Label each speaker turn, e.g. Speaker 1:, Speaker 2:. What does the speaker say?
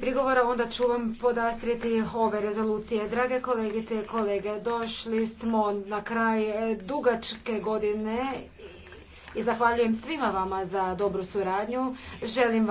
Speaker 1: prigovora, onda ću vam podastriti ove rezolucije. Drage kolegice i kolege, došli smo na kraj e, dugačke godine i zahvaljujem svima vama za dobru suradnju. Želim vam